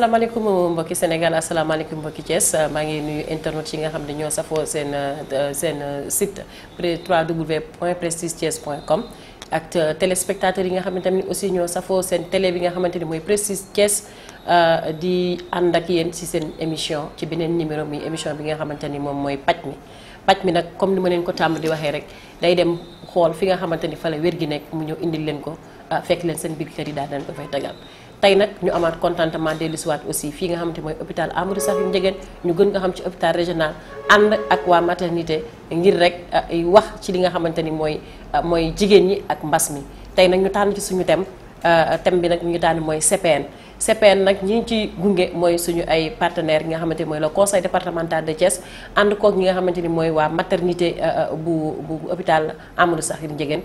asalaamaaleykum mbokki Sénégal asalaamaaleykum mbokki Thiès maa ngi nuyu internet yi nga xam ne ñoo safoo seen seen site www.prestigethies.com ak téléspectateurs yi nga xam ne aussi ñoo safoo seen télé bi nga xamante ni mooy Prestige Thiès euh, di ànd ak yéen ci seen émission ci beneen numéro muy émission bi nga xamante ni moom mooy paj mi paj mi nag comme ni ma leen ko tàmm di waxee rek day dem xool fi nga xamante ni fa la wér gi nekk mu ñëw indi leen ko euh, fekk leen seen biir kër yi daal leen ko fay tegal tay nak ñu amat contentement dellu wat aussi fi nga xamanté moy hôpital Amadou Sakhir Ndiéguène ñu gën nga xam ci hôpital régional and ak wa maternité ngir rek euh, wax ci li nga xamanté ni moy euh, moy jigen ñi ak mbass mi tay nak ñu tan ci suñu tem euh, tem bi nak ñu tan moy CPN CPN nak ñi ci gunge moy suñu ay partenaire nga xamanté moy le conseil départemental de Thiès and ko nga xamanté ni moy wa maternité bu bu hôpital Amadou Sakhir Ndiéguène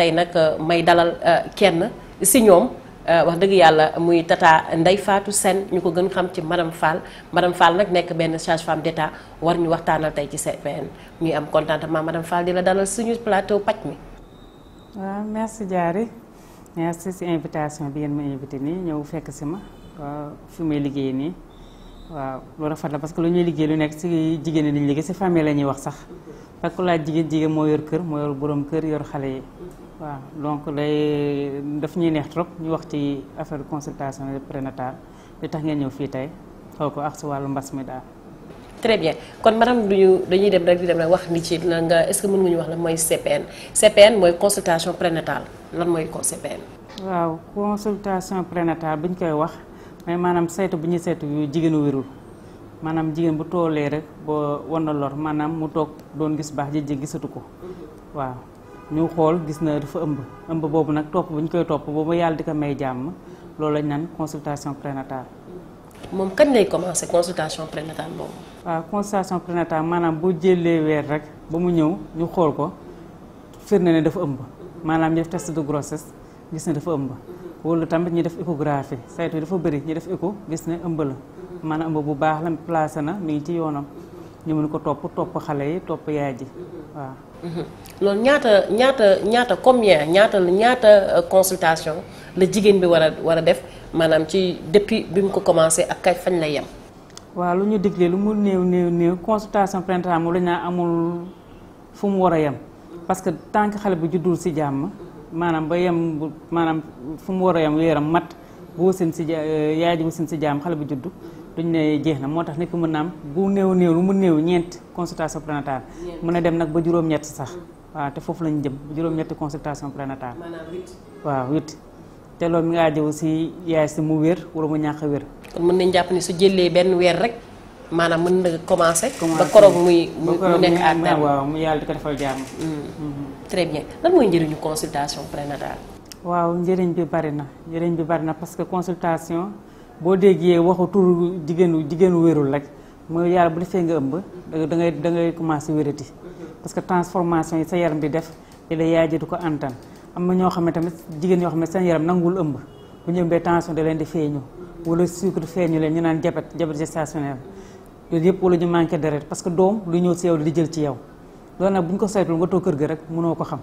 tay nak may dalal kenn si ñom Eh, wax deug yalla muy tata Ndeye Fatou sen ñuko gën xam ci madame Fall madame Fall nak nek ben charge femme d'État war ñu waxtanal tay ci CPN ñuy am contentement madame Fall dila dalal suñu plateau pac mi. wa merci jari merci ci invitation bi ngeen ma invité ni ñew fekk ci ma fi may liggéey ni wa lu rafet la parce que lu ñuy liggéey lu nek ci jigéen ni liggéey ci famille lañuy wax sax parce que laa jigéen jigéen mo yor kër mo yor borom kër yor xalé yi. waaw donc day daf ñuy neex trop ñu wax ci affaire consultation prénatale li tax ngeen ñëw fi tay xaw ko ak si wàllu mbas mi daal. très bien kon madame duñu dañuy dem rek di dem nag wax ni ci nga est-ce que mën nga ñu wax la moy CPN CPN moy consultation prénatale lan mooy CPN. waaw consultation prénatale buñ koy wax mais manam saytu buñu ñuy yu jigéenu wërul manam jigéen bu tolé rek bo wan na lor maanaam mu tok doon gis baax jëjjë gisatu ko waaw. ñu xool gis na dafa ëmb ëmb boobu nag topp buñ koy topp boobu yàlla di ko may jàmm loolu lañ naan consultation prénatale. moom kañ lay commencé consultation prénatale boobu. waaw ah, consultation prénatale maanaam bu jëlee weer rek ba mu ñëw ñu xool ko firnde ne dafa ëmb maanaam ñu test de grossesse gis na dafa ëmb wala tamit ñu def échographie saytu dafa bëri ñu def écho gis ne ëmb la maanaam ëmb bu baax la placé na mi ngi ci yoonam ñu mën ko topp topp xale yi topp yaay ji Mhm. loolu ñaata ñaata ñaata combien ñaata ñaata euh, consultation Le jigen bi wara wara def manam ci depuis bi ko commencer ak kay fagn la yam wa luñu ñu lu mu new new consultation prénatale moom na amul fum wara yam parce que tant que xale bu juddul si jàmm manam ba yam manam maanaam wara yam war mat bo wasin si ja euh, yaay ji wasin si jàmm xale bu jiddu duñ ne jeex na moo tax nit ku mën na am bu lu mu néew ñeent consultation prénatale mën na dem nag ba juróom-ñett sax waaw te foofu lañu jëm juróom-ñetti consultation prénatale waaw te loolu mi nga jëw si si mu wér wala mu ñàkk wér mën nañ jàpp su jëlee benn weer rek maanaam mën na commencé ba koroog muy mu nekk à terme waaw mu yàlla di ko defal jàmm mm. mm-hmm. très bien lan mooy njëriñu consultation prénatale waaw njëriñ bi bari na njëriñ bi bari na parce que consultation boo déggee waxu tur jigéenu jigéenu wérul rek mo yàlla bu defé nga ëmb da ngay da ngay commencer wérati parce que transformation yi sa yaram bi def ila yaaji du ko antane am na ñoo xam tamit jigéen ñoo xamé ne yaram nangul ëmb bu ñu ëmbee tension da leen di feñu wala sucre feñu leen ñu naan jabet jabet gestationnel loolu yëpp wala ñu manké dérèt parce que dom lu ñëw ci yow di jël ci yow do na buñ ko saytul nga to kër ga rek mëno ko xam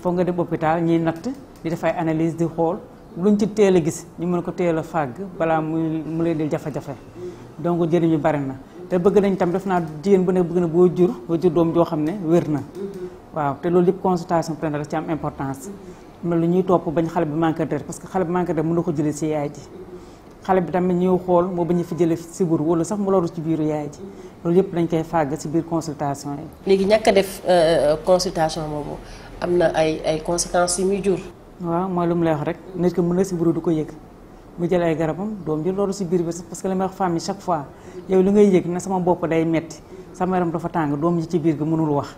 fo nga dem hôpital ñi nat di def ay analyse di xol luñ ci teel gis ñu mëna ko teel a bala mu lay del jafe-jafe donc jëriñu bari na té bëgg nañ tam def naa jigéen bu ne bëgg na bo jur bo jur doom jo xamné wërna waaw té loolu yëpp consultation prénatale ci am importance ma lu ñuy top bañ xalé bi manke deret parce que xalé bi manke deret mën ko jëlee ci yaay ji xalé bi tam ñuy xool mo bañ fi ci bur wala sax mu loru ci biiru yaay ji loolu yëpp dañ koy fàgg ci biir consultation yi léegi def euh, consultation boobu am ay ay conséquences yi muy jur waaw mooy lu mu lay wax rek nit ki mën na siburu du ko yëg mu jël ay garabam doom ji loolu si biir bi parce que li may wax femme yi chaque fois yow li ngay yëg ne sama bopp day metti sama yaram dafa tàng doom yi ci biir gi mënul wax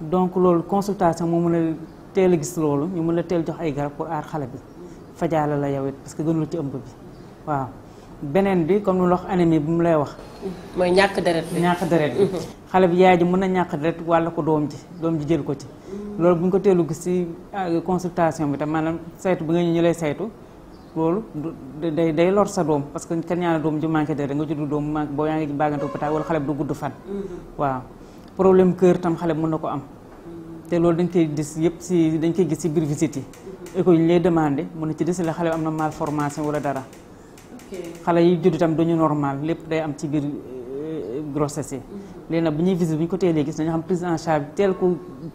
donc loolu consultation moo mun a teel a gis loolu ñu mën a teel jox ay garab pour aar xale bi fajaale la yow it que gënul ci ëmb bi waaw beneen bi comme lu wax anémie bi mu lay wax. mooy ñàkk deret bi ñàkk deret bi. Mhm. xale bi yaay ji mën na ñàkk deret wàll ko doom ji doom ji jël ko ci. loolu bu ñu ko teelu gis ci ah, consultation bi tam maanaam saytu bi nga ñu lay saytu loolu day day lor sa doom parce que kenn ñaane doom ji manqué deret nga juddu doom manqué boo yaa ngi bàggante hôpital wala fan. Mhm. waaw problème cœur tam xale bi mën na ko am. Mhm. te loolu dañ koy gis yëpp si dañ koy gis ci biir visite yi. écho yi ñu lay demandé mën na ci des la xale bi am na formation wala dara. xale yi judd itam duñu normal lépp day am ci biir euh, grossesse yi. Mhm. léegi nag bu ñuy visite bu ñu ko teelee gis nañu xam prise en teel ko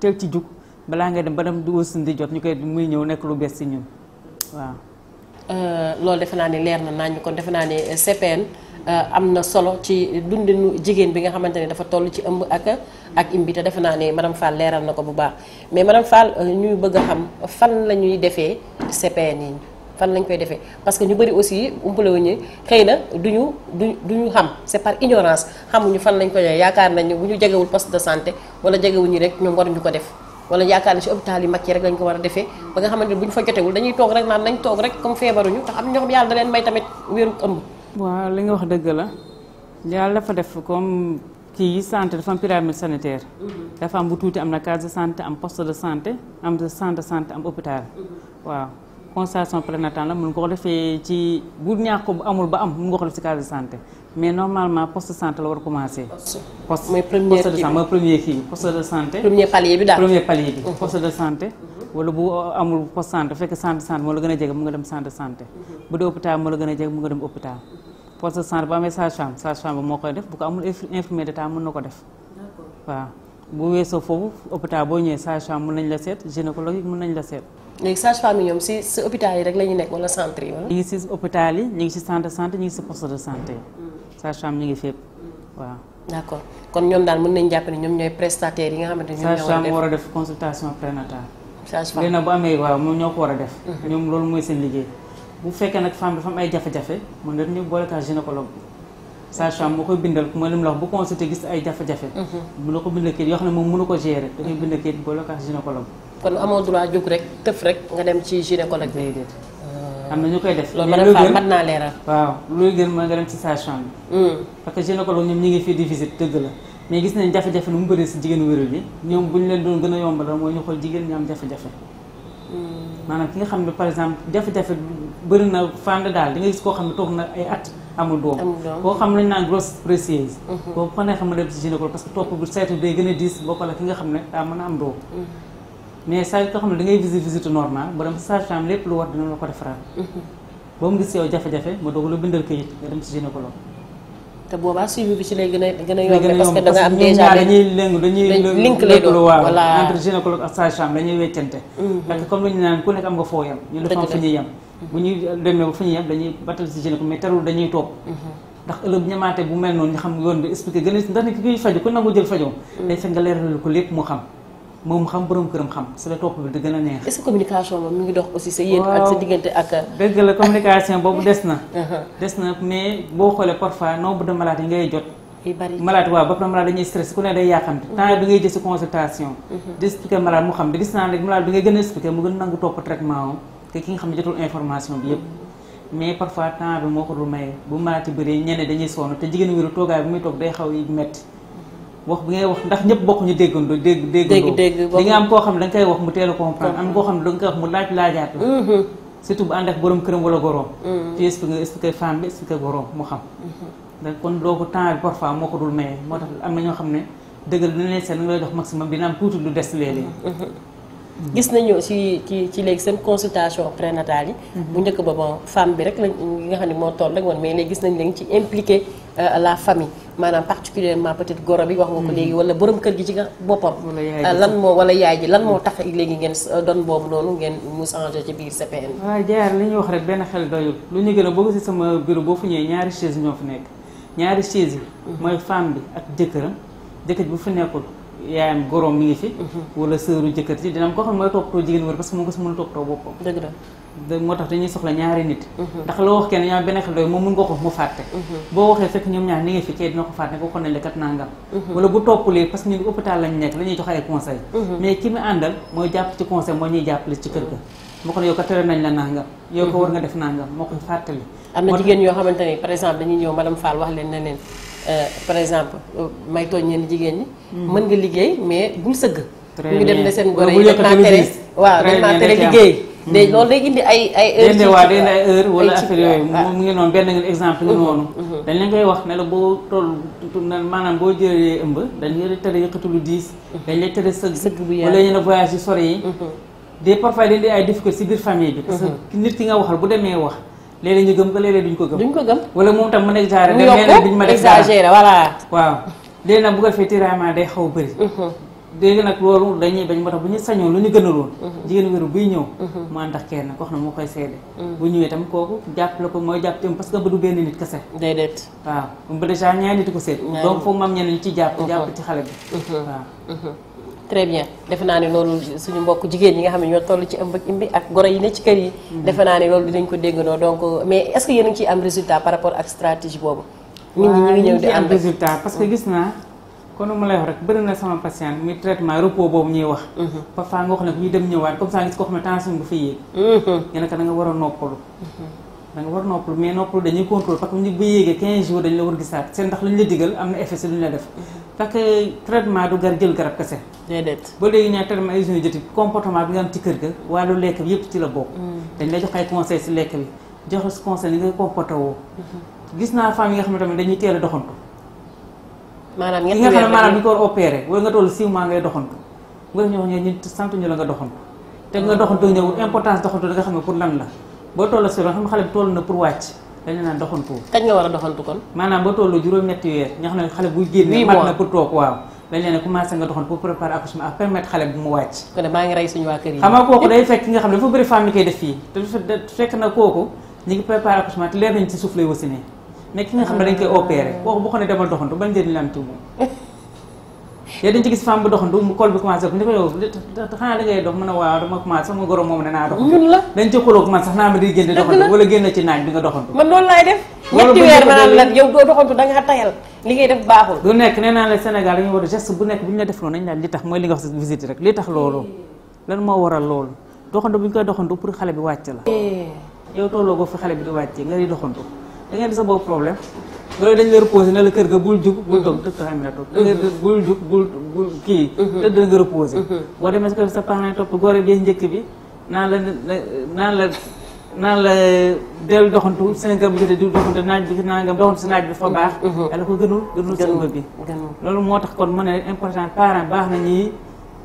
teel ci jug balaa ngay dem ba dem du aussi di jot ñu koy muy ñëw nekk lu bees ci ñun waaw. Euh, loolu defe naa ne leer na nañu kon defe naa ne CPN euh, am na solo ci dundinu jigéen bi nga xamante ne dafa toll ci ëmb ak ak imbi defe naa ne madame Fall leeral na ko bu baax mais madame Fall ñuy bëgg a xam fan la ñuy defee CPN yi. fan lañ koy defee parce que ñu bëri aussi umpale wu ñu xëy na duñu duñu duñu xam c'est par ignorance xamuñu fan lañ ko joxe yaakaar nañu bu ñu jegewul poste de santé wala jegewuñu rek ñoom waruñu ko def wala yaakaar ne ci hôpital yi mag yi rek lañ ko war a defee ba nga xamante ne bu ñu fa jotewul dañuy toog rek naan nañ toog rek comme feebaruñu tax am ñoo xam yàlla da leen may tamit wéeru ëmb waaw li nga wax dëgg la yàlla dafa def comme yi santé dafa am pyramide sanitaire mm-hmm. dafa am bu tuuti am na case de santé am poste de santé am centre de santé am hôpital mm-hmm. waaw consultation prénatale la mun nga ko defee ci bu ñaax ko bu amul ba am mun nga ko def ci case de santé mais normalement poste santé la war a commencer. de santé. premier palier bi bi. Mhm. poste de santé. Mhm. wala bu amul poste santé bu santé santé moo la gën a jege mu nga dem santé santé. Mhm. bu dee hôpital moo la gën a jege mu nga dem hôpital. poste de santé bu amee sage-femme sage moo koy def bu ko amul infirmier d'état mën na ko def waaw. bu weesoo foofu hôpital boo ñëwee sage-femme mun nañ la seet gynécologue mun nañ la seet. léegi sage-femme yi ñoom si si hôpital yi rek la ñu nekk wala centre yi wala. ngi si hôpital yi ñu ngi si centre de ngi si poste de santé. Mm. kon ñoom daal mën nañ jàpp ñoom ñooy yi nga xamante ne ñoom sage-femme war a def consultation prénatale. sage-femme léegi nag bu amee waaw moom ñoo ko war a def. Mm-hmm. ñoom loolu mooy seen liggéey. bu fekkee nag femme dafa am ay jafe-jafe mën nga ñu boole ka sage-femme moo koy bindal mooy li mu bu consulté gis ay jafe-jafe. bu mhm. la ko bindal kayit yoo xam ne moom mënu ko gérer. da mhm. bindal kayit boole ko ak gynécologue. kon amoo droit jóg rek tëf rek ah. na ñu koy def. loolu nga dem ci sage-femme bi. Mm. parce que gynécologue ñoom ñu ngi fii di visite dëgg la mais gis nañ jafe-jafe nu mu bëree si jigéenu wéral yi ñoom bu ñu leen doon gën a yombal mooy ñu xool jigéen ñi am jafe-jafe. Mm. maanaam ki nga xam ne par exemple jafe-jafe bëri na fànn daal di nga gis koo xam ne toog na ay amul doom koo xam lañ naan grosse précieuse boobu ko ne xam nga dem ci gynécologue parce que topp bu saytu day gën a diis bokkale ki nga xam ne daa mën a am doom mhm. mais saa yi xam ne da ngay visite visite normal ba dem sa sage-femme lépp lu war dina la ko defaral mhm. ba mu gis yow jafe-jafe mu doog la bindal këyit nga dem ci gynécologue te boobaa suivi bi ci lay gën a gën a yomb parce que da nga dañuy lëngu dañuy link lay doon voilà entre gynécologue ak sage-femme dañuy mhm. yem bu ñuy demee ba fu ñuy yem dañuy battal si géné ko mais terul dañuy toog mhm. ndax ëllëg ñamaate bu mel noonu xam yoon bi expliqué gën a ndax ne mhm. xam moom xam borom këram xam si la topp bi di gën a neex est-ce boobu des na uh-huh. des na mais boo xoolee parfois nombre de malades yi ngay jot malade waaw ba pare uh-huh. bi ngay jël si consultation uh-huh. mu gën a expliqué mu gën nangu topp traitement am que ki nga xam ne jotul information bi yëpp mais parfois temps moo ko dul maye bu malaati bëree ñeneen dañuy sonn te jigéen wéru toogaay bu muy toog day xaw yi metti wax bi ngay wax ndax ñëpp bokkuñu déggandoo dégg déggandoo di nga am koo xam ne da nga wax mu teel a da mu laaj la mm-hmm. surtout bu ànd ak borom këram wala goroom mm-hmm. tu mu xam mm-hmm. da kon doo ko temps bi parfois moo ko dul maye moo tax am na ñoo xam ne dëggal dina leen seen nga lay dox maximum dina am tuuti lu des léeg gis nañu ci ci ci léegi seen consultation prénatale yi. Mhm. bu njëkk ba bon bi rek lañ nga xam ne moo toll rek woon mais léegi nañ leen ci impliqué euh, la famille maanaam particulièrement peut-être goro bi wax nga ko mhm. léegi wala borom kër gi ci nga boppam. Euh, lan moo wala yaay ji lan moo tax léegi ngeen euh, doon boobu noonu ngeen mu changé ci biir CPN. waaw jaar li wax rek benn xel doyul lu ñu gën a bëgg ci sama bureau boo fu ñëwee ñaari chaise ñoo fi nekk ñaari chaise yi. Mhm. mooy femme bi ak jëkkëram jëkkër bi fu nekkul. yaayam gorom mi ngi fi mhm. wala sëru jëkkër ci dina am koo xam ne mooy toppatoo jigéen wër parce que moo tax mhm. mun nga ko mu fàtte mhm. boo waxee fekk ñoom ñaar ni nga fi kee dina ko fàtte ne ko xon nañ la kat nangam wala bu toppulee parce que ñun hôpital lañ nekk la jox ay conseil mais ki mu àndal mooy jàpp ci conseil moo ñuy jàppale ci kër ga moo ko ne yow ko tere nañ la nangam yow ko war nga def nangam moo koy fàttali am na jigéen Euh, par exemple euh, may tooñ ñenn jigéen ñi. Hmm. mën nga liggéey mais bul sëgg. ñu dem ne seen gore yi dañ naa tere waaw dañ naa tere liggéey. day hmm. day indi ay ay heures ci waaw ay heure wala affaire yooyu mu ngi noonu benn exemple nga noonu dañ la koy wax ne la boo toll maanaam boo jëlee ëmb dañ lay tere yëkkati lu diis dañ lay tere sëgg sëgg bu wala ñu ne voyage yu sori yi des parfois dañ di ay difficulté si biir famille bi parce que nit ki nga waxal bu demee wax léeg-léeg ñu gëm ko léeg-léeg duñ ko gëm. duñ ko gëm wala moom tam mu yokk duñ bu ko defee tiraillement day xaw bëri. Mhm. léegi nag loolu dañuy bañ moo tax bu ñu sañoon lu ñu gënaloon. Mhm. jigéen wéru buy ñëw. Mhm. mu ànd ndax kenn koo xam ne moo koy seede. bu ñëwee tam kooku jàpp la ko mooy jàpp tam parce que ba du benn nit kese. déedéet waaw ba dèjà ñaari nit ko seet. donc foofu mam ñeneen ci jàpp. jàpp ci xale bi waaw. très bien defe naa ne loolu suñu mbokk jigéen ñi nga xam ne ñoo toll ci mm-hmm. ko déggandoo donc mais est-ce que yéen a ngi boobu. nit parce que mm-hmm. gis naa. kon ma lay wax rek bëri na sama patient muy wax. Mm-hmm. parfois nga ñu dem ñëwaat comme ça gis ko xam ne tension dafa yéeg. nga ne ko war a noppalu. da nga war a noppalu mais noppalu dañuy contrôle parce que ñu bu yéegee 15 jours dañu la war gisaat seen ndax lu ñu la digal am na effet si lu ñu la def. parce que traitement du gar jël garab kese. déedéet ba léegi ñu naan traitement jëti comportement bi nga am ci kër ga wàllu lekk bi yëpp ci la bokk. Mm. dañ lay jox ay conseils si lekk bi jox la si conseil ni nga comporté woo. Mm-hmm. gis naa femmes yi nga xam ne tamit dañuy teel a doxantu. maanaam ñetti weer nga xam ne maanaam bi ko war opéré nga toll six maa ngay doxantu nga def ñu wax ñun sant ñu la nga doxantu. te nga mm. doxantu ñëw importance doxantu da nga xam ne pour lan la boo toll si loolu xam nga xale bi na pour wàcc. dañu naan a doxantu kon. maanaam ba tollu juróom-ñetti weer nga xam ne xale buy génne. fekk na kooku ñu ngi préparer accouchement te leer nañ ci suuf lay wasinee mais ki nga xam ne dañ koy opéré kooku boo xam ne demal doxantu ban njëriñ la am tuubu yow dañ ci gis femme bu doxantu mu col bi commencé ko dafa xanaa da dox mën a waaw dama commencé sama gorom moom ne naa doxantu ñun la dañ ci xuloo man sax naa ma di génn doxantu wala génn ci naaj bi nga doxantu man nekk nee naa la Sénégal dañu war a geste bu nekk bu ñu la defloo nañ daal li tax mooy li nga wax sa visite rek li tax loolu lan moo waral loolu doxantu bu ñu koy doxantu pour xale bi wàcc la eh. yow tolloo boo fi xale bi di wàccee nga di doxantu da di loolu dañ la reposé ne la kër ga bul jug bul mhm. toog dëkk xam ne toog mhm. kër ga bul kii mhm. tëdd nga reposé boo demee si ko sa parent topp gore bee njëkk bi naan la naan la naan la dellu doxantu cinq heures bu jotee di doxantu naaj bi nangam doxantu si naaj bi fa baax ala ko gënul gënul si bi loolu moo tax kon mu ne important parent baax na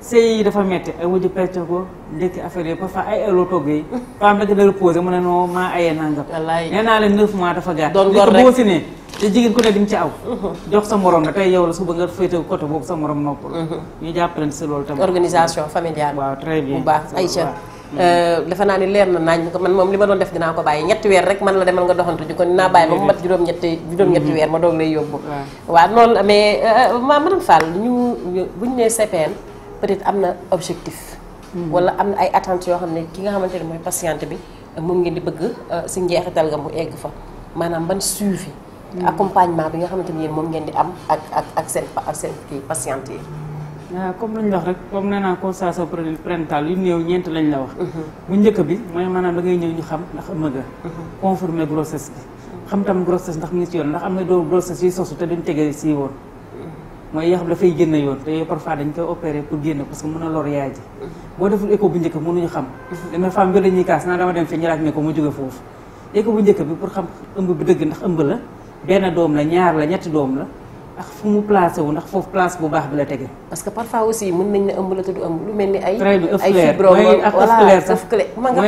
sëy yi dafa metti ay wujju perte ko ndekki affaire yi parfois ay ay loo toggee femme da nga reposé mu ne noo maa ayee nangam. wallaay naa nga ci aw. Mhm. jox sa morom la tey yow la suba nga féetee côté boobu sa morom noppal. Mhm. ñu jàppalante si loolu tamit. organisation familiale. waaw très bien bu baax euh, naa ni ba mu mat juróom-ñetti juróom-ñetti mhm. weer ma doog lay yóbbu. waaw noonu mais euh, euh, madame Fall ñu bu ñu nee peut-être amna objectif. Hmm. wala amna ay attente yo xamné ki nga xamanteni moy patiente bi moom ngeen di bëgg ci euh, njeexital nga mu egg fa manam ban suivi. Hmm. accompagnement bi nga xamanteni yeen mom ngeen di am ak ak ak sen ak sen ki patiente yi. waaw ah, comme luñ wax rek comme nee naa consultation prénatale yu néew ñent lañ la wax. Mhm. bu ñëk bi moy manam da ngay ñëw ñu xam ndax ëmb mhm. confirmer grossesse bi. xam tam grossesse ndax mu ci yoon ndax am na grossesse yi sosu te duñ tégué ci woon. mooy yoo dafay génn yoon te yooyu parfois dañ koy opéré pour génn parce que mën a lor yaay ji boo deful écho bu njëkk mënuñu xam dana femme bi la ñuy kaas naa dama dem fi ñu laaj bi pour xam ëmb bi dëgg ndax ëmb la benn doom la ñaar la ñetti doom la ak fu mu placé wu ndax foofu place bu baax bi la tege parce que parfois aussi mën nañ ne ëmb la lu mel ni ay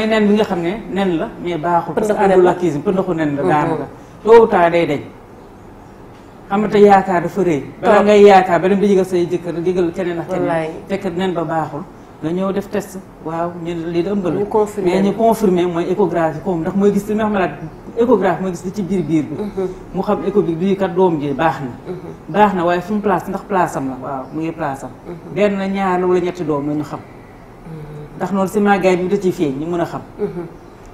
nen bi nga xam ne nen la mais baaxul parce que àndul ak kii pëndaxu nen la mm-hmm. daanu la tôt day dañ amata yaakaar dafa rëy bala ngay yaakaar ba dem di yëgal say jëkkër yëgal keneen ak keneen fekk nen ba baaxul nga ñëw def test waaw ñu lii da ëmbal mais ñu confirmé mooy échographie comme ndax mooy gis li nga xam ne échographie mooy gis li ci biir biir bi mhm. mu xam écho bi lii kat doom ji baax na mhm. baax na waaye fu mu place ndax place am la waaw mu ngi place am mhm. benn ñaar la wala ñetti doom la ñu xam ndax noonu si màggaay bi da ciy feeñ ñu mën a xam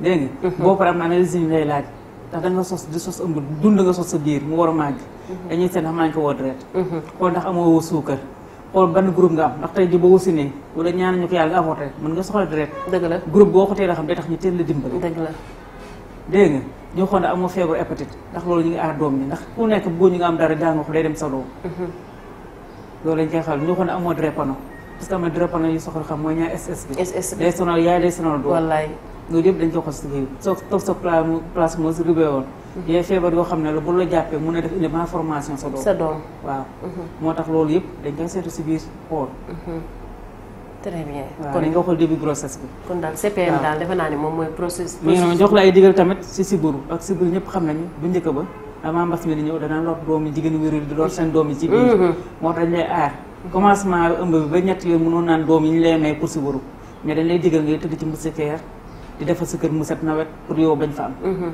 dégg nga. Mhm. boo paree am naa ne résumé lay laaj ndax da sos di sos ëmb dund nga sos sa biir mu war a màgg. Mhm. dañuy seet ndax mën nañu ko woo deret. Mhm. xool ndax amoo suukar. xool ban groupe nga am ndax tey ji boo wasinee wala ñaan ñu ko yàlla nga avorté mën nga soxla deret. la groupe boo ko teel a xam day tax ñu la dimbali. dëgg la dégg nga ñu xool ndax amoo feebaru hépatite ndax loolu ñu ngi aar doom ñi ndax ku nekk boo ñu nga am dara jàng ko day dem sa doom. loolu lañ koy xal ñu xool ndax amoo drépano sama dira yu soxla xam mooy ñaar SS bi SS day sonal yaay day sonal doom wallaay loolu yëpp dañ ko xas liggéey soo toog sa place moo si rubee woon yee feebar yoo xam ne la bu la jàppee mun na def indi malformation sa doom sa doom waaw moo tax yëpp dañ koy seetu si biir xool très bien kon début grossesse bi kon CPM mais jox la ay tamit si siburu ak siburu ñëpp xam nañu bu njëkk ba avant mbas mi ñëw danaa lor doom yi jigéen wéru di ci biir lay commencement ëmb bi ba ñett yooyu mënoon naan doom yi ñu lay may pour si waru mais dañ lay digal ngay tëdd ci moustiquaire di defar sa kër mu set nawet pour yow bañ fa am.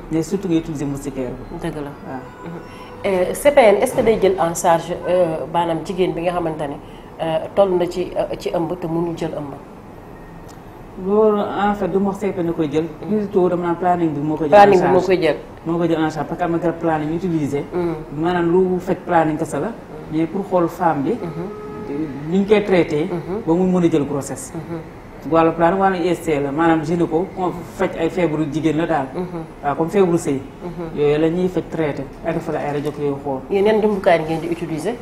mais mhm. surtout ngay utiliser moustiquaire mhm. euh, ce que day jël en charge euh, maanaam jigéen bi nga xamante ne euh, toll na ci ci ëmb te mënul jël ëmb. loolu en fait du ma seetlu na koy jël. Mhm. naan moo koy jël. moo koy que am na garab planning utilisé. maanaam lu fekk planning kese la. mais pour xool femme bi. ni ñu koy traité. Mhm. ba mu mën a jël grossesse. Mhm. wàllu plan wàllu IST la maanaam gynéco ko faj ay feebaru jigéen la daal. Mhm. waaw comme feebaru sëy. yooyu la ñuy faj traité ak fa la ay rajo yooyu xool. yéen yan jumtukaay ngeen di utiliser.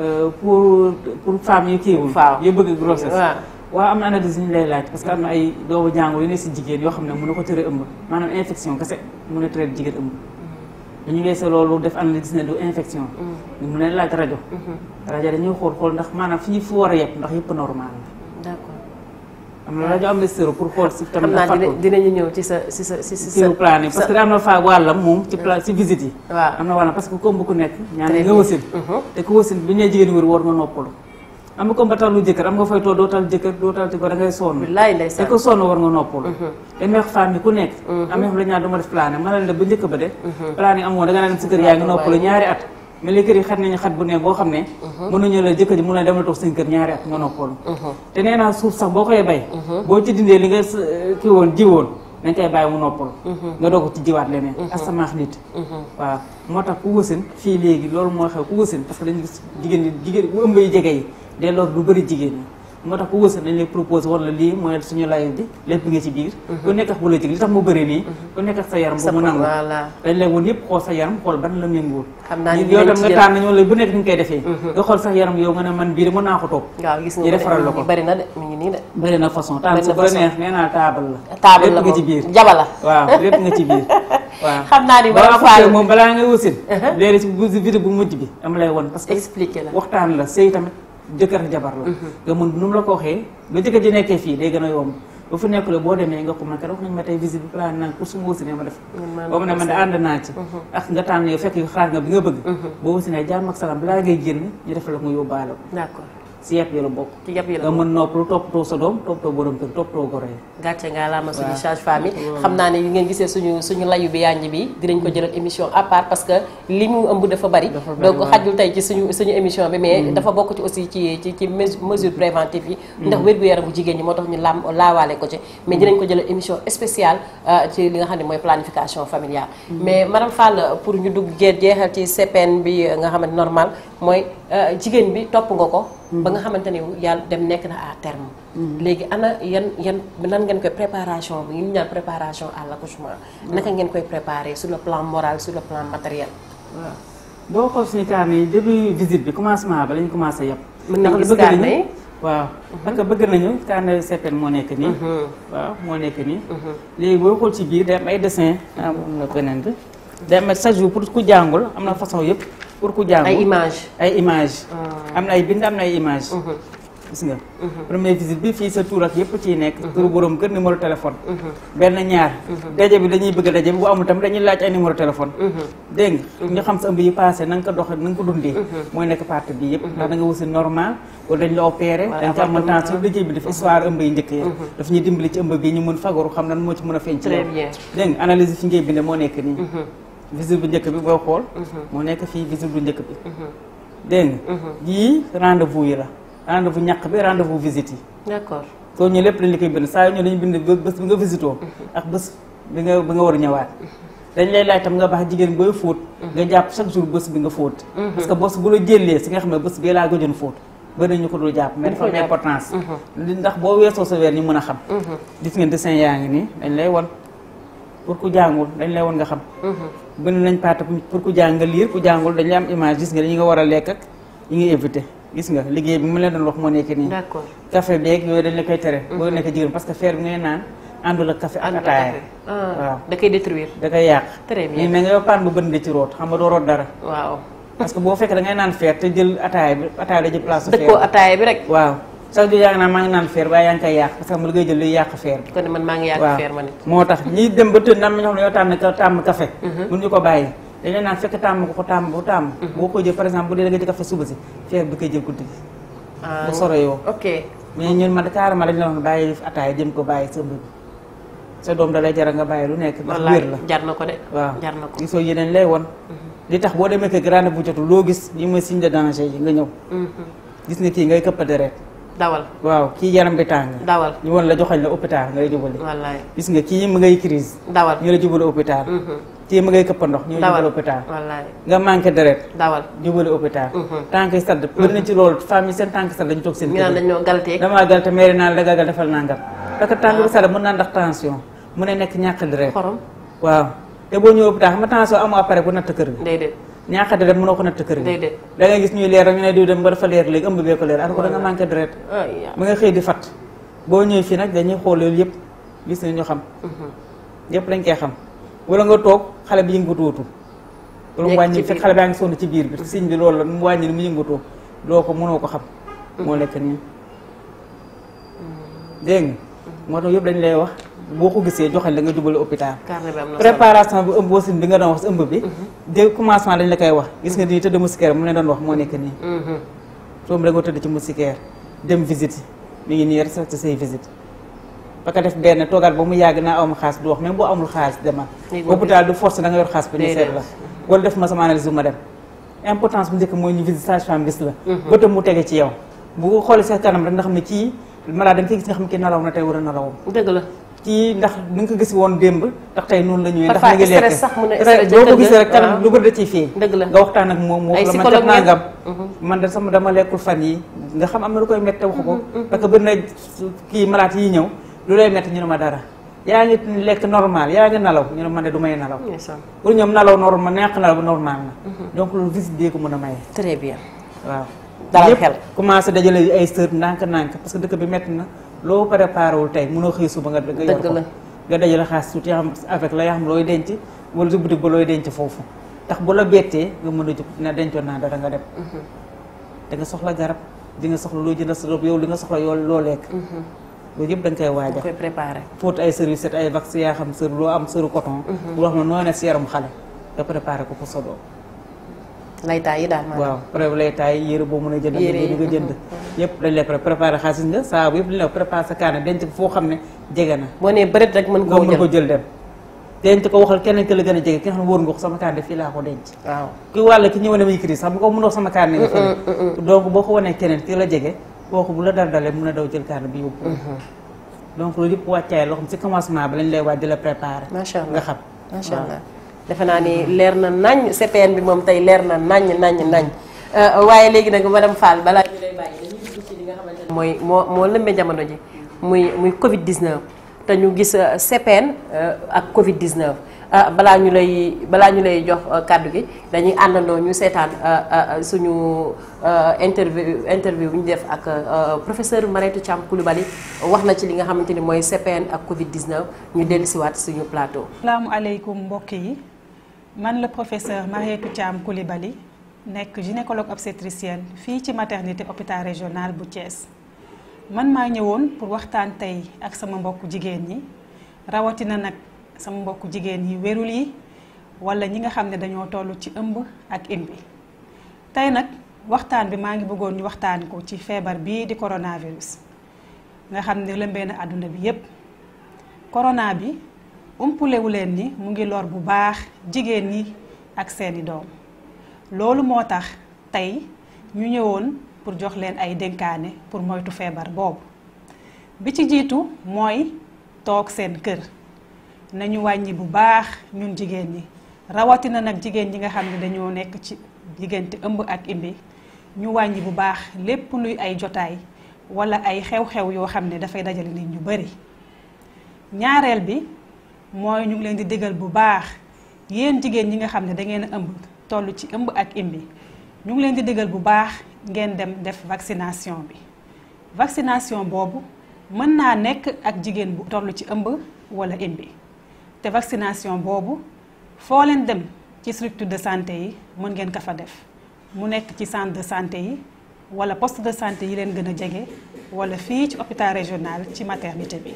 Euh, pour pour femmes yu kiiwul. waaw yu bëgg grossesse. waaw am na analyse ñu lay laaj parce que am na ay doomu jàngoro yoo xam ne mën na ko tëre ëmb maanaam infection kese mën na traité jigéen ëmb. dañu weesoo sa loolu def analyse ne du infection ñu mm. mu ne laaj rajo mm-hmm. rajo dañuy xool xool ndax maanaam fii fu war a yëpp ndax yëpp normal la am na rajo am na stéro pour xool si tamit xam naa dinañu ñëw ci sa sa si sa stéro plané parce que am na faa wàllam moom ci pla ci visite yi waaw am na wàllam parce que comme bu ku nekk ñaan nga wasin mm-hmm. te ku wasin bi ñu jigéen wér war nga noppalu am nga comme ba talu jëkkër am nga fay too doo tal jëkkër doo tal jëkkër da ngay sonn laay ko sonn war nga noppalu dañ wax yi ku nekk mhm. am na xam la ñaar du ma def plané ma ne la ba njëkk ba si mhm. kër yaa ngi noppalu ñaari at mais léegi kër yi xat nañu xat bu ne boo xam ne mhm. mënuñu la jëkkër ji mun na dem la seen kër ñaari at nga noppalu te nee suuf sax boo koy bay boo ci dindee li nga eh, kii woon ji woon dañ koy bàyyi mu noppalu nga doog ci jiwaat leneen asamaax nit waaw loolu moo xew ku wësin parce day lor lu bëri jigéen moo tax ku wërsëg nañ lay proposé wala mhm. mhm. mhm. bii de mën naa ko toog na de mi ngi nii de bëri na façon tànn su bëri neex nee naa taabal la taabal la lépp nga ci biir jaba la waaw lépp nga ci biir waaw xam naa uh-huh. waxtaan la sëy jëkkër jabar la nga mhm. mun nu mu la ko waxee ba jëkkër ji nekkee fii day gën a yomb ba fu nekkulee boo demee nga ko man kat wax nañ ma tey visite bi plan naan pour su ma wasi ma def boo mu ne man da ànd naa ci mhm. ak nga tànn yow fekk yu xalaat nga bi nga bëgg mhm. boo wasi ne jàmm ak salaam balaa ngay génn ñu def la ko yóbbaale ko si yàpp yi la bokk. ci yàpp yi la bokk nga mën noppalu toppatoo sa doom toppatoo borom gàcce nga laama suñu charge femme xam naa ne ñu ngeen gisee suñu suñu layu bi yànj bi dinañ ko jëlal émission à part parce que li mu ëmb dafa tey ci suñu suñu émission bi mais mm. dafa bokk ci aussi ci ci ci mesure préventive yi. Mm. ndax wér-gu-yaramu jigéen ñi moo tax ñu laam laawaale ko ci. mais mm. dinañ ko jëlal émission spéciale euh, ci li nga xam ne mooy planification familiale. mais madame Fall pour ñu dugg jeexal ci CPN bi nga xam ne normal mooy euh, jigéen bi topp nga ko ba nga xamante ni yàlla dem nekk na à terme. Mm-hmm. léegi ana yan yan nan ngeen koy préparation bi ñu naan préparation à l'accouchement mm-hmm. naka ngeen koy préparer sur le plan moral sur le plan matériel. waaw boo xool suñu carnet yi début visite bi commencement ba lañu commencé yàpp. mën nañu gis carnet waaw mm-hmm. parce que bëgg nañu carnet CPN moo nekk nii. waaw moo nekk nii. léegi boo xool ci biir day am ay dessin. am na beneen bi day am pour ku jàngul am na façon yëpp. pour ku jàng ay image image ah. am na ay bind am na ay image mhm. gis nga mhm. première visite bi fii sa tur ak yëpp ci nekk mhm. turu borom kër numéro téléphone benn ñaar daje bi dañuy bëgg a bi bu amul tamit dañuy laaj ay numéro téléphone dégg nga ñu xam sa ëmb yi passé na ko dox na ko dundee mooy nekk partie bi yëpp ndax da nga wasi normal wala dañ la opéré dañ ci amoon temps sur liggéey bi def histoire ëmb yi njëkk yi daf ñuy dimbali ci ëmb bi ñu mën fagaru xam nan moo ci mën a feeñ ci dégg nga analyse fi ngay binde moo nekk nii visite bu njëkk bi booy xool. moo mhm. nekk fii visite bu njëkk bi. Mhm. dégg nga. Mhm. yii rendez-vous yi la rendez-vous ñàkk bi rendez-vous visite yi. d'accord soo ñëwee lépp dañ la koy bind saa yoo ñëw dañu bind bés bi nga visitoo. ak bés bi nga bi war a dañ lay laaj tam nga baax jigéen booy fóot. nga jàpp chaque jour bés bi nga fóot. parce que bés bu la jëlee si nga xam ne bés bee laa gëjoon fóot. bëri nañu ko dul jàpp mais dafa am importance. ndax boo weesoo sa weer ñu mën a xam. gis ngeen dessin yaa ngi nii dañ lay won pour ku jàngul dañ lay won nga xam. gën nañ paate pour ku jàng liir ku jàngul dañuy am image gis nga dañu nga war a lekk ak yi nga éviter gis nga liggéey bi mu leen doon wax moo nekk nii d'accord café beeg yooyu dañ la koy tere mhm. boo nekk jigéen parce que bi ngay naan àndul ak café ak ataaya ah, waaw da koy détruire da koy yàq très bien paan bu bën nga ci root xam nga doo root dara waaw parce boo fekkee da ngay naan fer te jël ataaya bi ataaya da jël place fer ataaya bi rek sax di yaakaar naa maa ngi naan feer waaye yaa ngi koy yàq parce que mu ngi jël luy yàq feer bi. kon man maa ngi yàq feer man it moo tax ñiy dem ba tëdd na am ñoo xam ne yow tàmm ka tàmm café. Mhm. mun ñu ko bàyyi dañu naan fekk tàmm ko ko tàmm bu tàmm. Mhm. boo ko jël par exemple bu dee nga jël café suba si feer bi koy jël guddi gi. bu ah, soro yow. ok mais ñun man carrément dañu la wax bàyyi ataaya jëm ko bàyyi sa sa da lay nga lu nekk. ndax wér la jar na ko de. jar na ko gisoo yeneen lay won mhm. li tax boo demee que grande bu gis signe de danger nga gis ngay deret dawal waaw kii yaram bi tàng dawal ñu woon la joxoñ la hôpital ngay jubali wallaay gis nga kii mu ngay crise dawal ñu la jubali hôpital mm-hmm. kii mu ngay këppa ndox ñu jubali hôpital wallaay nga manqué deret dawal jubali hôpital mm-hmm. tànk yi sadd bëri mm-hmm. na ci loolu famille seen tànk sadd dañu toog seen kër dañoo galte damaa galte mairie defal nangam parce que tànk bi ah. sadd mën naa ndax tension mu ne nekk ñàkk deret waaw te boo ñëw hôpital xam nga tension amoo appareil bu natt kër bi ñaax a deret mënoo ko natt kër gi da ngay gis ñuy leer rek ñu dem ba dafa leer léegi ëmb bee ko leer ak ko da nga manqué deret nga xëy di fat boo ñëwee fii nag dañuy xool loolu yëpp gis nañu xam mhm. yépp dañ koy xam wala nga toog xale bi yëngatuwatu loolu mu wàññi fekk xale baa ngi sonn ci biir bi signe bi loolu la mu wàññi ni mu yëngatoo loo ko mënoo ko xam moo lekk mhm. nii mhm. dégg moo tax yëpp dañ lay wax boo ko gisee joxe la nga jubale hôpital préparation bi ëmb wasin bi nga doon wax si ëmb bi mhm. dès commencement dañ la koy wax gis nga nii tëdd moustiquaire mu leen doon wax moo nekk nii soomu da nga tëdd ci moustiquaire dem visite mi ngi nii respecté say visite ba ko def benn toogaat ba mu yàgg naa awma xaalis du wax même boo amul xaalis demal hôpital du force da nga xaalis ma sama analyse bu ma dem importance bu njëkk mooy ñu visite sage gis la bëtam mhm. mu tege ci yow bu xoolee sa kanam rek nga xam ne kii malade da nga koy gis nga xam na ci ndax na nga ko gis woon démb ndax tey noonu la ñëwee ndax na ngi lekk sax mun boo ko gisee rek kanam lu bëri da ciy fii dëgg la nga waxtaan ak moom wax la man def nangam mhm. man da sama dama lekkul fan yi nga xam am na lu koy métti waxu ko mhm, mhm, parce que bëri na kii malaat yi ñëw lu lay métti ñu ne ma dara yaa ngi lekk normal yaa ngi nalaw ñu ne man de du may nalaw pour ñoom nalaw normal neex nalaw normal na donc loolu visite bee ko mën a très bien waaw dalal xel commencé dajale ay sër ndànk ndànk parce que dëkk bi métti na loo préparé wul tey mënoo xëy suba nga. nga yor ko nga dajale xaalis tuuti xam avec la yoo xam looy denc wala du butik ba looy denc foofu tax bu la bettee nga mën a jub na dencoon naa dara nga dem. Mhm. da nga soxla garab di nga soxla loo jëndal sa bopp yow li nga soxla yoo loo lekk. Mhm. loolu yëpp da nga koy waajal koy préparé. fóot ay services ay vaccin yaa xam sër loo am sëru coton. bu mhm. wax na noo ne si yaram xale nga préparé ko pour sa laytaay yi daal maanaam. yére boo mën a jënd. yére yi nga jënd yëpp lay préparé xaalis nga saabu yëpp dañ lay préparé sa kaana denc ko foo xam ne jege na. boo nee bëreet rek mën koo jël dem. denc ko waxal keneen ki la gën a jege ki nga xam ne wóor nga ko sama kaan de fii laa ko denc. waaw ki wàll ki nga ko donc boo ko wanee keneen ki la jege kooku bu la dal dalee mën a daw jël kaan bi yóbbu. Mm-hmm. donc loolu yëpp wàccaay loo xam si commencement ba lañ lay waaj di la préparé. macha defe naa ni leer na nañ CPN bi moom tey leer na nañ nañ nañ euh, waaye léegi nag madame Fall balaa ñu mooy moo moo lëmbee jamono ji muy muy Covid 19 te ñu gis euh, CPN euh, ak Covid 19 balaa ñu lay balaa ñu lay jox kàddu gi dañuy àndandoo ñu seetaan suñu interview interview bu ñu def ak professeur Marietou Thiam Coulibaly wax na ci li nga xamante ni mooy CPN ak Covid 19 ñu dellusiwaat suñu plateau. aleykum mbokk yi. man la professeur Marietou Thiam Coulibaly nekk gynécologue obstétricienne fii ci maternité hôpital régional bu Thiès man maa ñëwoon pour waxtaan tey ak sama mbokku jigéen ñi rawatina nag sama mbokku jigéen yi wérul yi wala ñi nga xam ne dañoo toll ci ëmb ak imbi tey nag waxtaan bi maa ngi bëggoon ñu waxtaan ko ci feebar bii di coronavirus nga xam ne lëmbee na àdduna bi yépp corona bi umpulewu leen ni mu ngi lor bu baax jigéen ñi ak seeni doom loolu moo tax tey ñu ñëwoon pour jox leen ay dénkaane pour moytu feebar boobu bi ci jiitu mooy toog seen kër nañu wàññi bu baax ñun jigéen ñi rawatina nag jigéen ñi nga xam ne dañoo nekk ci diggante ëmb ak imbi ñu wàññi bu baax lépp luy ay jotaay wala ay xew-xew yoo xam ne dafay dajale nit ñu bari ñaareel bi mooy ñu ngi leen di digal bu baax yéen jigéen ñi nga xam ne da ngeen a ëmb toll ci ëmb ak imbi ñu ngi leen di digal bu baax ngeen dem def vaccination bi vaccination boobu mën naa nekk ak jigéen bu toll ci ëmb wala imbi te vaccination boobu foo leen dem ci structure de santé yi mën ngeen ka fa def mu nekk ci centre de santé yi wala poste de santé yi leen gën a jege wala fii ci hôpital régional ci maternité bi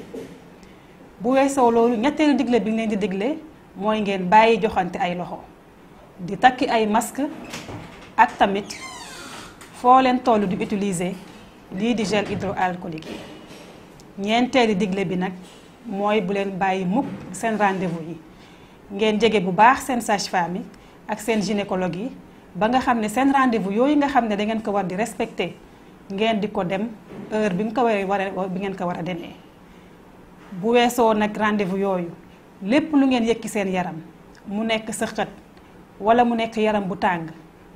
bu weesoo loolu ñetteelu digle bi ñu di digle mooy ngeen bàyyi joxante ay loxo di takki ay masque ak tamit foo leen toll di utiliser lii di gel hydroalcoolique yi ñeenteeli digle bi nag mooy bu leen bàyyi mukk seen rendez-vous yi ngeen jege bu baax seen sage-femme yi ak seen gynécologue yi ba nga xam ne seen rendez-vous yooyu nga xam da ngeen ko war di respecter ngeen di ko dem heure bi nga ko wara war bi ngeen ko war a bu weesoo nag rendez-vous yooyu lépp lu ngeen yëkki seen yaram mu nekk sëqët wala mu nekk yaram bu tàng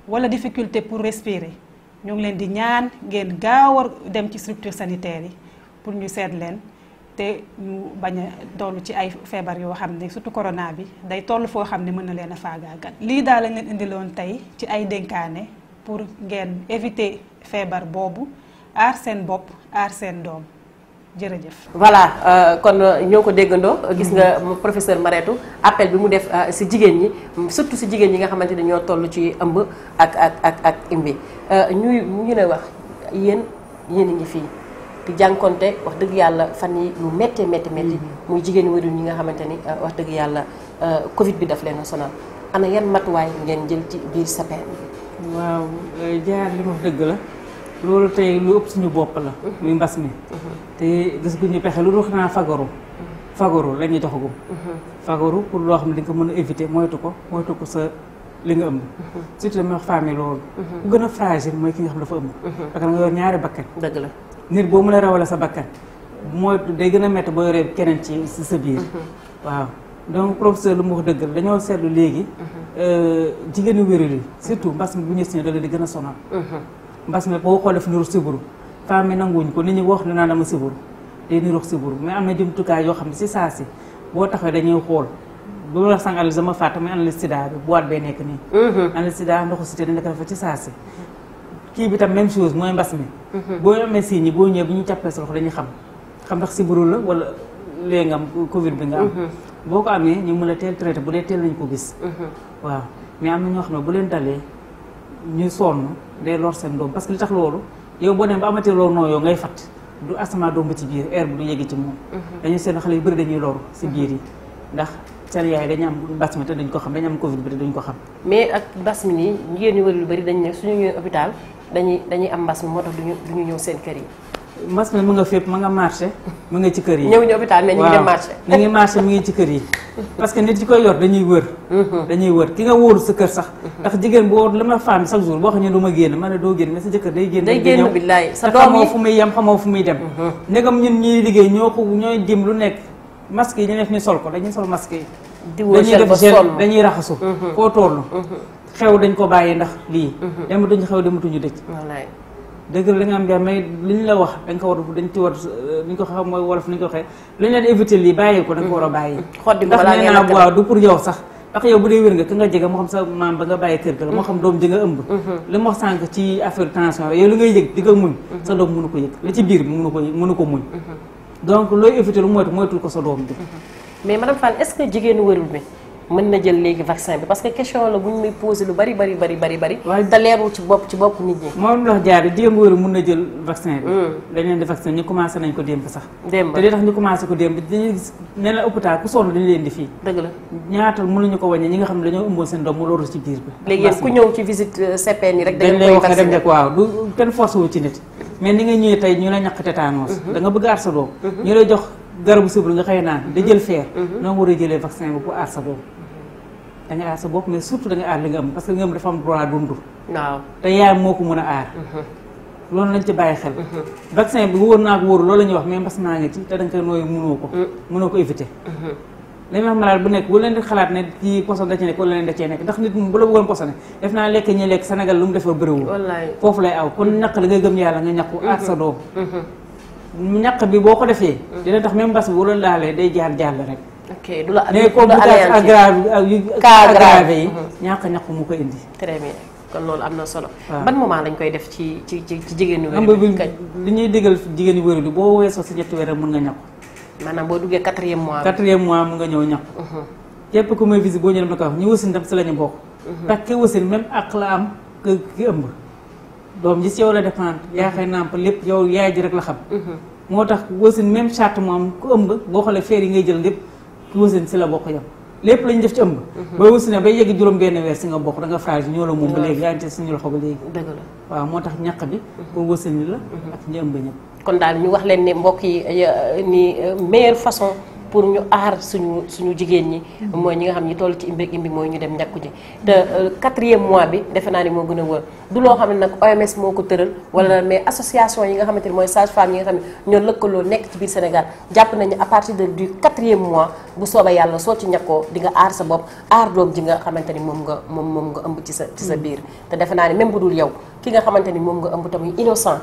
wala difficulté pour respirer ñoo ngi leen di ñaan ngeen gaaw a dem ci structure sanitaire yi pour ñu seet leen te ñu bañ a dollu ci ay feebar yoo xam ne surtout corona bi day toll foo xam ne mën na leen a faagaagal. lii daal lañ leen indiloon tey ci ay dénkaane pour ngeen éviter feebar boobu aar seen bopp aar seen doom. jërëjëf voilà euh, kon euh, ñoo ko déggandoo gis nga professeur Mareetu appel bi mu def euh, si jigéen ñi surtout si jigéen ñi nga xamante ne ñoo toll ci ëmb ak ak ak ak imbi ñuy ngi ne wax yéen yéen a ngi fii di jànkonte wax dëgg yàlla fan yi lu méttee métti métti mm-hmm. muy jigéen wéru ñi nga xamante ni wax dëgg yàlla Covid bi daf leen sonal ana yan matuwaay ngeen jël ci biir sapin bi. waaw jaar li mu dëgg la. loolu tey lu ëpp suñu bopp la. muy mbas mi. te gis gu ñu pexe lu dul naa fagoro fagoro la ñuy doxagum. fagaru pour loo xam ne di nga ko mën a éviter moytu ko moytu ko sa li nga ëmb. surtout dama wax femme gën a fragile mooy ki xam dafa ëmb. parce que nga yor ñaari bakkan. dëgg la nit boo mën a sa bakkan. mooy day gën a métti boo yoree keneen ci si sa biir. waaw donc professeur lu mu wax dëgg la dañoo seetlu léegi. Euh, jigéenu wérél yi surtout mbas mi bu ñu si ñëw da leen di gën a sonal. mbas mi boo xoolee fu niru siburu femme yi nanguwuñ ko nit ñi wax ne naa dama siburu day niru siburu mais am na jumtukaay yoo xam ne si saa si boo taxawee dañuy xool bu ma la sang analyse dama fàtte muy analyse sida bi boîte nekk nii mm-hmm. analyse sida kii bi tam même chose mooy mbas mi mm-hmm. boo amee boo ñëwee bu ñu jàppee sa loxo dañuy xam xam ndax siburu la wala léegi nga am covid bi nga am mm-hmm. boo ko amee ñu mën a teel traité bu dee teel nañ ko gis waaw mais am na ñoo xam ne bu leen dalee ñu sonn day lor sen dom parce que li tax lolu yow bo dem ba amatee loolu nooyoo ngay fat du asma dom ci biir air bu du yegg ci mom mhm. dañu sen xalé yu bëri dañuy lor ci mhm. biir yi ndax seen yaay dañu am basmi te dañ ko xam dañu am covid bi dañ ko xam mais ak basmi ni ngeen ñu wër lu dañ ne suñu ñu hôpital dañuy dañuy am basmi motax duñu duñu ñew sen kër yi mbas mi mu nga fépp mu nga marché mu nga ci kër yi. ñëw ñu hôpital mais ñu ngi dem mu ngi ci kër yi. parce que nit yi koy yor dañuy wër. Mhm. dañuy wër ki nga wóorul sa kër sax. Mhm. ndax jigéen boo li ma fànn chaque jour boo xam du ma génn ma ne doo génn sa jëkkër day génn. day génn billaay sa doom yi xamoo fu muy yem xamoo fu muy dem. Mhm. ndegam ñun ñuy liggéey ñoo ko ñooy dim lu nekk masque yi ñu def sol ko dañuy sol masque yi. diwoo gel ba sol dañuy def dañuy raxasu. foo toll. xew dañ ko bàyyi ndax lii. dematuñu xew dematuñu dëj dëgg la li nga am nga mais li ñu la wax da nga ko war dañ euh, ko xam mooy wolof ni ñu ko waxee li ñu leen éviter lii bàyyi ko da ko war a bàyyi mm-hmm. ndax nee naa waaw du pour yow sax ndax nga ka nga jege moo xam sa maam ba nga bàyyi kër ga moo xam mm-hmm. doom ji nga ëmb mm-hmm. li ma wax sànq ci affaire tension yow li ngay yëg di nga muñ sa doom mënu ko yëg la ci biir mënu ko ko muñ donc looy éviter moytu moytul ko sa doom bi mais madame Fall est-ce que jigéenu wérul bi mën na jël léegi vaccin bi parce que question la bu ñu may posé lu bari bari bari bari bari te leerul ci bopp ci bopp nit hmm. leen di vaccin ñu commencé nañ ko démb sax démb te ñu commencé ko démb dañuy leen di fii dëgg la ñaata mënuñu ko wàññi ñi nga xam ne dañoo ëmboo seen doom mu biir bi léegi yéen ku ñëw ci visite euh, CPN yi rek mais ni nga ñëwee tey ñu la ñàkk tétanos mhm. da nga bëgg aar sa doom mhm. ñu lay jox garabu sibru nga xëy naan da mhm. jël feer noo war a jëlee vaccin bi pour aar doom da aar sa bopp mais surtout da nga aar li nga am parce que li nga am dafa am droit dund. te yaay moo ko mën a aar. Mhm. loolu lañ ci bàyyi xel. Mhm. vaccin bi wóor naa ko wóor loolu la ñuy wax mais mbas maa ngi ci te da nga koy nooyu mënoo ko. mënoo mhm. ko éviter. li nga xam bu nekk bu leen di xalaat ne kii poson da cee nekk wala leen da cee nekk ndax nit moom bu la bëggoon posone def naa lekk ñi lekk Sénégal lu mu defar bëriwul. wallaay foofu lay aw kon ñaq la ngay gëm yàlla nga ñaqu aar sa doom. ñaq bi boo ko defee. dina tax même mbas bi bu la laalee day jaar rek ok comme euh, cas aggravé yi. Mhm. ñàkk a ñàkk mu ko indi. très bien kon loolu am na solo. ban moment lañ koy def ci ci ci jigéenu wéru bi li ñuy digal jigéenu wéru bi boo weesoo si ñetti weer mun nga ñàkk. maanaam boo duggee quatrième mois. quatrième mois mu nga ñëw ñàkk. Mhm. képp ku may visite boo ñëwee dama ko wax ñu wasin tam si la ñu bokk. Mhm. ndax ki wasin même ak la am kë ki ëmb. doom ji si yow la dépendre yaa xay nàmp lépp yow yaay ji rek la xam. moo tax wasin même charte moom ku ëmb boo xoolee feer yi ngay jël douzaine si la bokk yam lépp lañ def ci ëmb. Mhm. booy wut si ne bay yegg juróom benn weer si nga bokk da nga fragile ñoo la moom ba léegi yaa ngi suñu loxo ba léegi. waaw moo tax ñaq bi. Mhm. boo wësani la. Mhm. ak ñi ëmb ñëpp. kon daal ñu wax leen ne mbokk yi ni euh, meilleure façon. pour ñu aar suñu suñu jigéen ñi. Mhm. mooy ñi nga xam ñi toll ci imbig imbig mooy ñu dem ñàkku ji. te euh, quatrième mois bi defe naa ni moo gën a wër du loo xam ne nag OMS moo ko tëral wala mhm. mais association yi nga xamante ni mooy sage femme yi nga xam ne ñoo lëkkaloo nekk ci biir Sénégal jàpp nañu à partir de du quatrième mois bu soobee yàlla soo ci ñàkkoo di nga aar sa bopp aar doom ji nga xamante ni moom nga moom moom nga ëmb ci sa ci sa mhm. biir te defe naa ni même bu yow ki nga xamante ni moom nga ëmb tamit innocent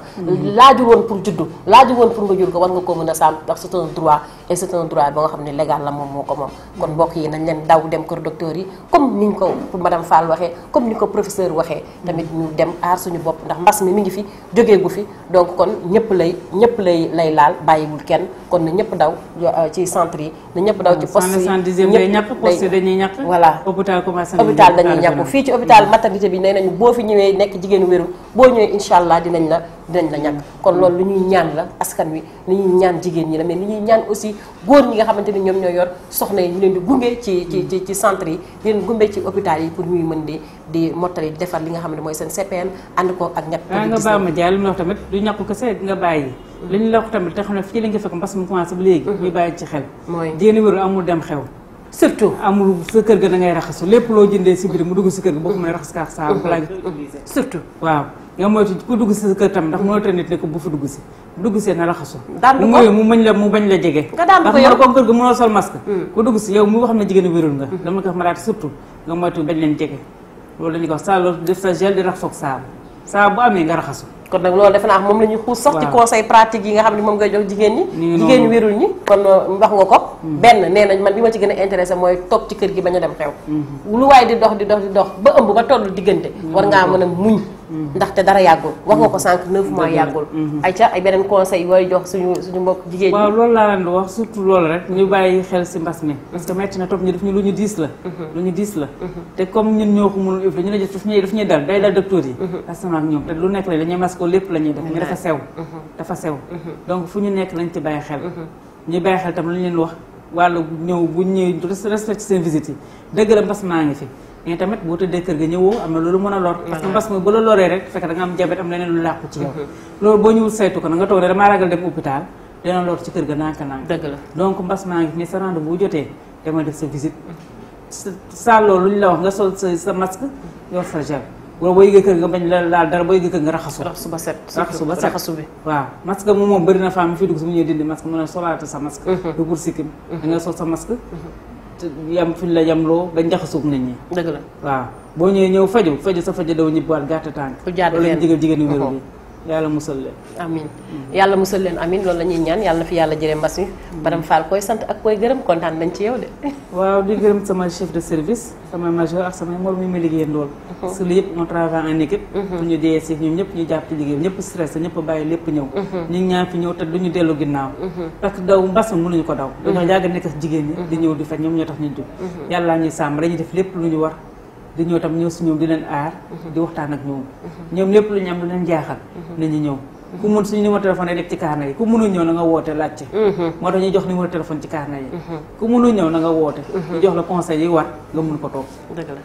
laaju woon pour juddu laaju woon pour nga jur ko war nga koo mën a sàmm ndax c'est un droit et c'est un droit ba nga xam ne légal la moom moo ko moom kon mbokk yi nañ leen daw dem kër docteur yi comme ni ñu ko madame Fall waxee comme ni ko professeur waxee tamit ñu dem aar suñu bopp ndax mbas mi mi ngi fi jógee gu fi donc kon ñëpp lay ñëpp lay lay laal bàyyiwul kenn kon na ñëpp daw euh, ci centre yi na ñëpp daw ci poste yi ñëpp poste dañuy ñàkk voilà boo ñëwee incha allah dinañ la dinañ la ñàkk kon loolu lu ñuy ñaan la askan wi lu ñuy ñaan jigéen ñi la mais lu ñuy ñaan aussi góor ñi nga xamante ni ñoom ñoo yor soxna yi ñu leen di gunge ci ci ci centre yi di leen ci hôpital yi pour ñuy mën di di mottali di defar li nga xam ne mooy seen CPN ànd ko ak ñàkk ah, nga baa ma jaay lu ñu wax tamit du ñàkk kese nga bàyyi li ñu la wax tamit te xam ne fii la nga fekk mbas mu commencé ba léegi mm-hmm. ñu bàyyi ci xel jigéen wéru amul dem xew surtout amul sa kër ga da ngay raxasu lépp loo jëndee si biir mu dugg si kër ga boo ko mënee raxas kaax saabu balaa nga utiliser surtout waaw nga moytu ku dugg si sa kër tam ndax mënoo ta dugg si dugg see na raxasu mu mooy mu mañ la mu bañ la jege ndax mën ko kër ga mënoo sol masque hmm. ku dugg si yow mu xam ne jigéen wérul nga hmm. dama ko malaat surtout nga moytu bañ leen jege loolu la ñuy wax sa loolu def sa gel di rax foog saabu saabu bu amee nga raxasu kon nag loolu defe naa moom la ñu xuus sax ci conseil pratique yi nga xam ne ngay jox jigéen ñi jigéen wérul ñi kon euh, wax nga ko hmm. benn nee nañ man bi ma ci gën a intéressé mooy toog ci kër gi bañ dem xew hmm. lu waaye di dox di dox di dox ba ëmb ba toll diggante hmm. war ngaa mën a muñ ndaxte dara yàggul wax nga ko sànq neuf mois yàggul ay ca ay beneen conseil yooyu jox suñu suñu mbokk jigéen ñi waaw loolu laa leen di wax surtout loolu rek ñu bàyyi xel si mbas mi parce que metti na topp ñu def ñu lu ñu diis la lu ñu la te comme ñun ñoo ko mënul ñu ne daf ñuy dal day dal docteur yi parce que ñoom te lu nekk la dañuy masque ko lépp la ñuy def ñu dafa sew mm-hmm. Mm-hmm. dafa sew mm-hmm. donc fu ñu nekk nañ ci bàyyi xel ñuy bàyyi xel tam lu ñu leen wax wàllu ñëw ñëw respecté seen visite yi dëgg la mbas maa ngi fi mais tamit boo tëddee kër ga ñëwoo am na loolu mën a lor parce que mbas mi ba la loree rek fekk da nga am jabet am leneen lu làqu ci yow loolu boo saytu ko na nga toog ne damaa dem hôpital dina lor ci kër ga nànk nànk dëgg la donc mbas maa ngi fi mais sa rendez-vous bu jotee demal def sa visite sa lu ñu la wax nga sol sa sa masque yor sa gel wala boo yëgee kër nga bañ la laal dara boo yëgee kër nga raxasu raxasu ba set raxasu ba set raxasu bi waaw masque moom moom bëri na femme mu fi dugg su mu ñëwee dindi masque mu ne solaata sa masque mhm. du pour sikkim mhm. da nga sa masque mhm. yam fi la yamloo bañ jaxasoog nit ñi dëgg la waaw boo ñëwee ñëw faju faju sa faju daw ñibbaat gàtt tànk loolu jigéen jigéen yu wér bi yàlla musal leen amin yàlla musal leen amin loolu la ñuy ñaan yàlla na fi yàlla jëlee mbas mi madame Fall koy sant ak koy gërëm kontaan nañ ci yow de waaw di gërëm sama chef de service sama major ak sama moroom yi ma uh-huh. uh-huh. liggéey loolu si lépp uh-huh. ñoom ñoo tax ñu jóg yàlla ñuy sàmm dañuy def lépp lu ñu war di ñëw tam ñëw si ñoom di leen aar mhm. di waxtaan ak ñoom mhm. ñoom lu ñu am leen jaaxal mhm. nañu ñëw ku mun suñu numéro téléphone yi def ci carnet yi ku mënul ñëw na nga woote laajte moo tax ñu jox numéro téléphone ci carnet yi ku mënul ñëw na nga woote ñu jox la conseil yi war nga mun ko toog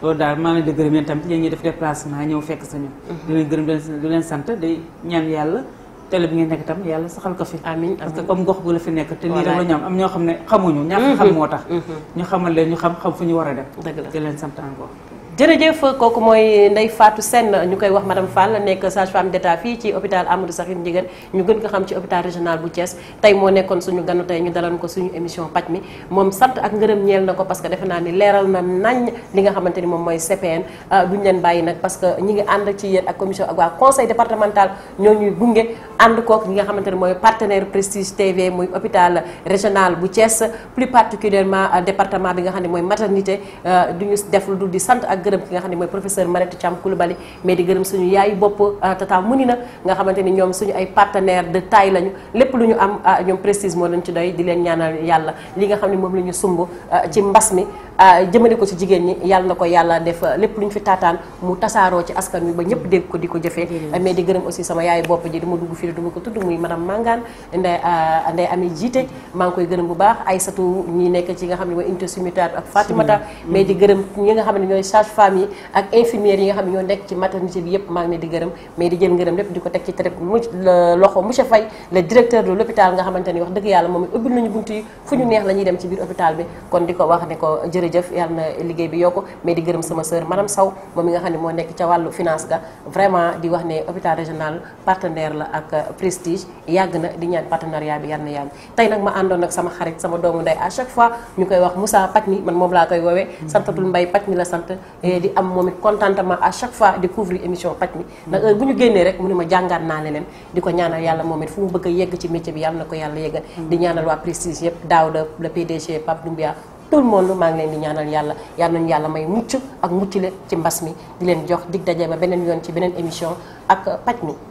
loolu daal maa ngi leen di gërëm yéen tamit yéen ñuy def déplacement ñëw fekk sañu di leen gërëm di leen ñaan yàlla télé bi ngeen nekk tam yàlla saxal ko fi amiin gox bu la nekk te lii rek la ñu am ñoo xam ne xamuñu ñàkk xam moo tax ñu xamal leen ñu xam xam fu ñu war a dem di leen sant encore jërëjëf kooku mooy Ndeye Fatou Sène ñu koy wax madame Fall nekk sage-femme fii ci hôpital Amadou Sakhir Ndiéguène ñu gën ko xam ci hôpital régional bu Thiès tey moo nekkoon que defe naa ni leeral na nañ moom mooy CPN ah, duñ leen bàyyi nag que ñi ngi ànd ci yéen ak commission ak waa conseil départemental ñoo ñuy gunge ànd kook ñi bu Thiès plus particulièrement euh, département bi nga xam ne mooy maternité euh, duñu def lu dul di sant ak gërëm ki nga xam ne mooy professeur Marette Thiam Coulibaly mais di gërëm suñu yaayu bopp euh, tata Mounina nga xamante ni ñoom suñu ay partenaire de taille lañu lépp lu ñu am euh, ñoom prestige moo leen ci doy di leen ñaanal yàlla li nga xam ne moom la ñu sumb euh, ci mbas mi jëmale ko ci jigéen ñi yàlla na ko yàlla def lépp lu ñu fi taataan mu tasaaroo ci askan wi ba ñëpp dégg ko di ko jëfee mais di gërëm aussi sama yaayu bopp ji du dugg fii du ko tudd muy bu baax Aysatu ñi famille ak infirmière yi nga xam ñoo nek ci maternité bi yépp maa ngi di gërëm mais di jël ngërëm lépp di ko teg ci tere loxo monsieur fay le directeur de l'hôpital nga xamante ni wax dëgg yàlla moom ubbil nañu buntu yi fu ñu neex la ñuy dem ci biir hôpital bi kon di ko wax ne ko jërëjëf yàlla na liggéey bi yokku mais di gërëm sama sœur madame saw moom nga xam ne moo nekk ca wàllu finance ga vraiment di wax ne hôpital régional partenaire la ak prestige yàgg na di ñaan partenariat bi yàlla na yàgg tey nag ma àndoon ak sama xarit sama doomu nday à chaque fois ñu koy wax Moussa Patni man moom laa koy woowee mm-hmm. santatul mbay Patni la sant di am moom it contentement à chaque fois di couvrir émission paj mi ndax heure bu ñu génnee rek mu ne ma jàngaat naa leneen di ko ñaanal yàlla moom it fu mu bëgg a yegg ci métier bi yàlla na ko yàlla yeggal di ñaanal waa Prestige yëpp daaw la le PDG Pape Doumbia tout monde maa ngi leen di ñaanal yàlla yal nañu yàlla may mucc ak muccule ci mbas mi di leen jox dig daje ba beneen yoon ci beneen émission ak paj mi